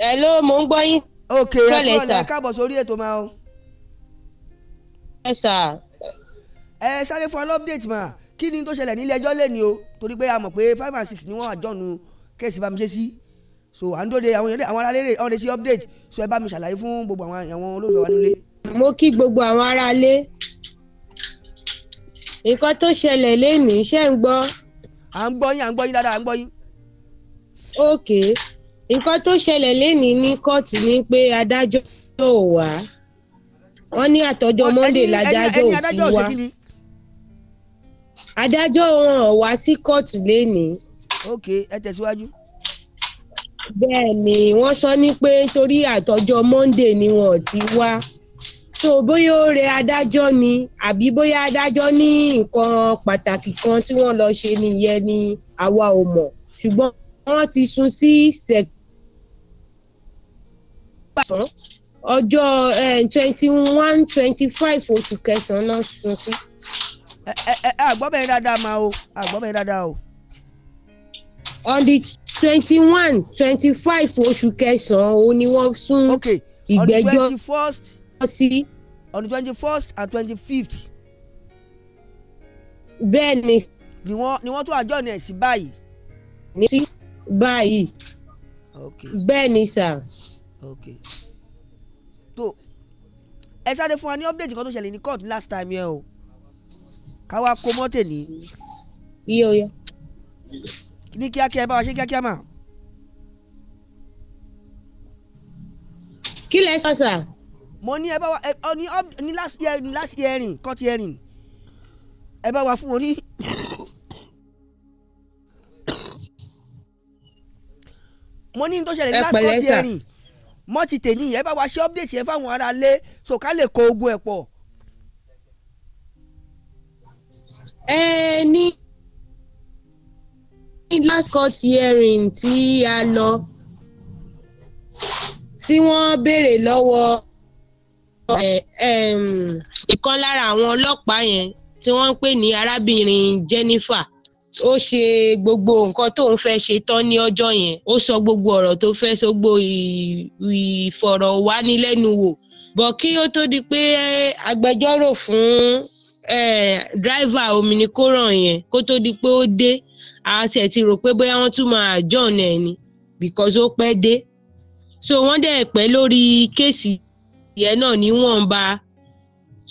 Hello, ló mò ń gbọ́ yín. ok ẹ kúrọ̀lẹ́ káàbọ̀ sórí ètò máa o. ẹ sà. ẹ sáré fún ọ update mà kí ni tó ṣẹlẹ̀ nílé ẹjọ́ lẹ́ni o torí pé a mọ̀ pé five and six ni wọ́n àjọ̀nu kẹ́sì bá mi ṣe sí so à ń dóde àwọn eré àwọn aráalé ọ̀rẹ́ sí update so ẹ bá mi ṣàlàyé fún gbogbo àwọn olóògbé wa nílé. mo kí gbogbo àwọn aráalé nǹkan tó ṣẹlẹ̀ lẹ́nìí ṣẹ́ ń gbọ́. à ń gbọ́ yín à ń gbọ́ yín dáadáa à ń gbọ́ yín. okay nǹkan tó ṣẹlẹ̀ lénìí ní kóòtù ni pé adájọ́ yóò wá wọ́n ní àtọ́jọ́ monday ládájọ́ ò ti wá adájọ́ wọn ò wá sí kóòtù lénìí. ok ẹ tẹ̀síwájú. bẹ́ẹ̀ ni wọ́n sọ ní pé torí àtọ́jọ́ monday ni wọn ò ti wá so bóyá ó rẹ adájọ́ ni àbí bóyá adájọ́ ní nǹkan pàtàkì kan tí wọ́n lọ ṣe nìyẹn ni àwa ò mọ̀ ṣùgbọ́n wọ́n ti sún sí sẹ̀kẹ́ ìbàdàn ọjọ́ eh, twenty one twenty five oṣù kẹsàn-án náà sún sí. àgbọ̀bẹ̀ dáadáa máa o àgbọ̀bẹ̀ dáadáa o. on the twenty one twenty five oṣù kẹsàn-án o ni wọ́n sún ìgbẹ́jọ́ sí. on the twenty first and twenty fifth. bẹ́ẹ̀ ni. ni wọ́n ni wọ́n tún àjọ ní ẹ̀sìn báyìí. ní sí báyìí. bẹ́ẹ̀ ni sà okay tó ẹ sáré fún wa ní update kan tó ṣẹlẹ̀ ní court last time yẹn o káwa kó mọ́tẹ̀ ní. iye oyo. ní kíákíá ẹ bá wa ṣe kíákíá mà. kí lẹ sọ sà. mo ní ẹ bá wa ẹ ọ ní ní last year ní last hearing court hearing ẹ bá wa fún wọn ní. mo ní tó ṣẹlẹ̀ ní last court hearing mọ́ ti tè níyẹn bá wa ṣe update yẹn fáwọn ará lé so lè kó ogun ẹ̀ pọ̀. ẹ ní last court hearing tí a lọ tí wọ́n béèrè lọ́wọ́ ìkan lára àwọn ọlọ́pàá yẹn tí wọ́n ń pè ní arábìnrin Jennifer ó ṣe gbogbo nǹkan tó ń fẹ́ ṣe tán ní ọjọ́ yẹn ó sọ gbogbo ọ̀rọ̀ tó fẹ́ sọgbó ìfọ̀rọ̀wánilẹ́nuwò bọ̀ kí ó tó di pé agbẹjọ́rò fún dráìvà ominikoran yẹn kó tó di pé ó dé àti ẹ̀ ti rò pé bóyá wọ́n tún máa john ẹ̀ ni because ó pẹ́ dé so wọ́n dẹ̀ pẹ́ lórí kéèsì yẹn náà níwọ̀nba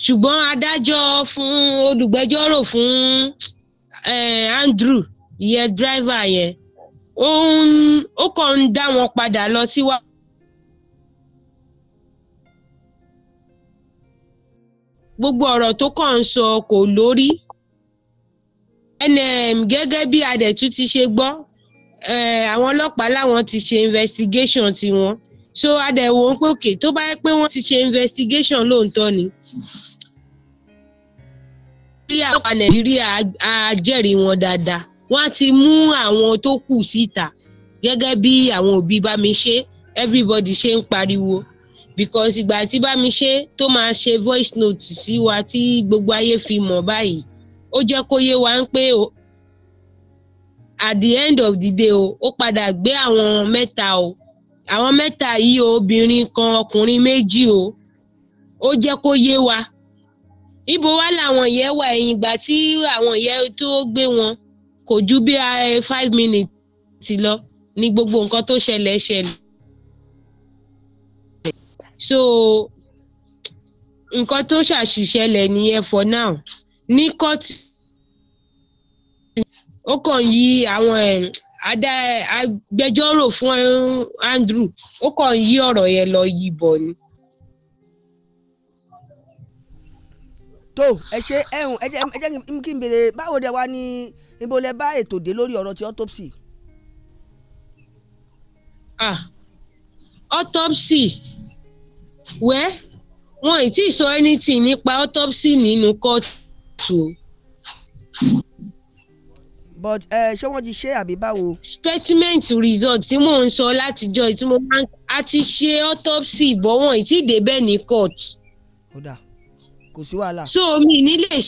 ṣùgbọ́n adájọ́ fún olùgbẹ́jọ́rò fún Eh, Andrew ìyẹn driver yẹn ó kàn ń dá wọn padà lọ síwájú. gbogbo ọ̀rọ̀ tó kàn ń sọ kò lórí nm gẹ́gẹ́ bí adẹ̀tú ti ṣe gbọ́ eh, àwọn ọlọ́pàá làwọn ti ṣe investigation tiwọn so adẹ̀wò ń pòkè tó bá yẹ pé wọ́n ti ṣe investigation lóòótọ́ ni ọlọ́pàá nàìjíríà á jẹ́rìí wọn dáadáa wọ́n á ti mú àwọn tó kù síta gẹ́gẹ́ bí àwọn òbí Bámiṣé everybody ṣe ń pariwo because ìgbà tí Bámiṣé tó máa ṣe voice note sí wa tí gbogbo ayé fi mọ̀ báyìí ó jẹ́ kó yé wa ń pé at the end of the day o ó padà gbé àwọn mẹ́ta o àwọn mẹ́ta yìí obìnrin kan ọkùnrin méjì o ó jẹ́ kó yé wa ibo wá làwọn yẹn wà ẹ̀yìn ìgbà tí àwọn yẹn tó gbé wọn kò ju bí eh, five minutes lọ ní gbogbo nǹkan tó ṣẹlẹ̀ ṣẹlẹ̀ so nǹkan tó ṣàṣìṣẹlẹ̀ nìyẹn for now ní kóòtù ó kàn yí àwọn eh, agbẹjọ́rò fún Andrew ó kàn yí ọ̀rọ̀ yẹn lọ yìí bọ̀ ni. tó ẹ ṣe ẹhùn ẹ jẹ́ kí n béèrè báwo dẹ wá ní ibo lẹ bá ètò dé lórí ọ̀rọ̀ ti autopsy. ah autopsy wẹ́ wọn ì tí ì sọ anything nípa autopsy nínú kóòtù o. but ṣé wọ́n ti ṣe àbí báwo. statement result tí mò ń sọ látijọ́ tí mo máa ń a ti ṣe autopsy bọ́ wọn ì tí ì débẹ̀ ní court. ó kò sí wàhálà. so mi ní lè.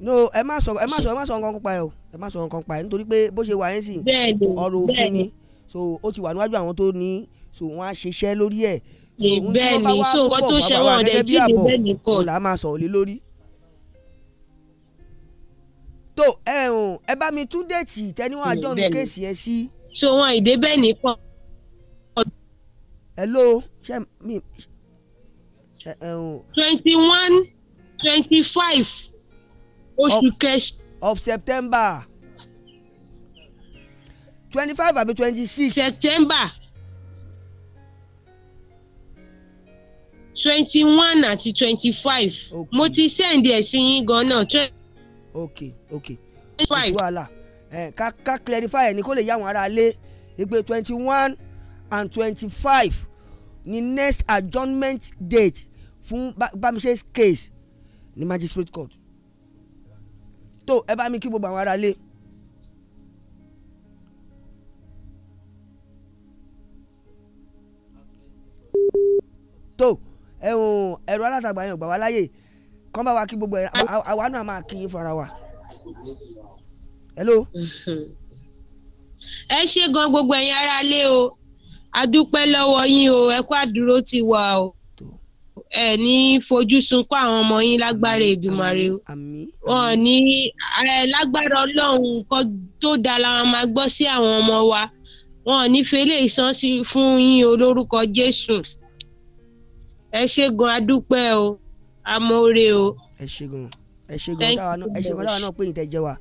no ẹ má sọ ẹ má sọ ẹ má sọ nǹkan pa ẹ o ẹ má sọ nǹkan pa ẹ nítorí pé bó ṣe wà yẹn sì ọ̀rọ̀ òfin ni so ó ti wà níwájú àwọn tó ní so wọ́n á ṣiṣẹ́ lórí ẹ̀. bẹ́ẹ̀ ni so nǹkan tó ṣe wọn ọ̀dẹ̀ tí ìdè bẹ́ẹ̀ ni kọ́. là á máa sọ̀rọ̀ lé lórí. tó ẹ ǹ ẹ bá mi tún déètì tẹniwọn àjọ ní kéèsì ẹ sí. so wọn ìdè bẹ́ẹ̀ ni kọ́. hello ṣe mi twenty one twenty five oṣù kẹsàn. of september twenty five àbí twenty six. september twenty one àti twenty five mo ti send ẹ̀ sí yín gan náà. ok ok twenty wàhálà ká ká clarify ẹ ní kó lè yá àwọn ará lé igbe twenty one and twenty five ni next adjournment date fún Bámiṣé case ní magistrate court tó ẹ bá mi kí gbogbo àwọn aráalé. tó ẹ̀hún ẹ̀rọ alátagbà yẹn ò gbà wá láyè kọ́ bá wa kí gbogbo ẹ̀rọ àwa náà máa kí fara wa. hello. ẹ ṣé gan gbogbo ẹ̀yin aráalé o a dúpẹ́ lọ́wọ́ yín o ẹ kú àdúró ti wà o ẹ ní fojú sunkún àwọn ọmọ yín lágbára Èdùmàrè wọn ní lágbára Ọlọ́run nǹkan tó dáa la máa gbọ́ sí àwọn ọmọ wa wọn ní fẹlẹ ìsan sí fún yín olórúkọ Jésù ẹ ṣé gan o amóore o. ẹ ṣé ẹ ṣé táwa náà pé ìtẹ́jẹ́ wa.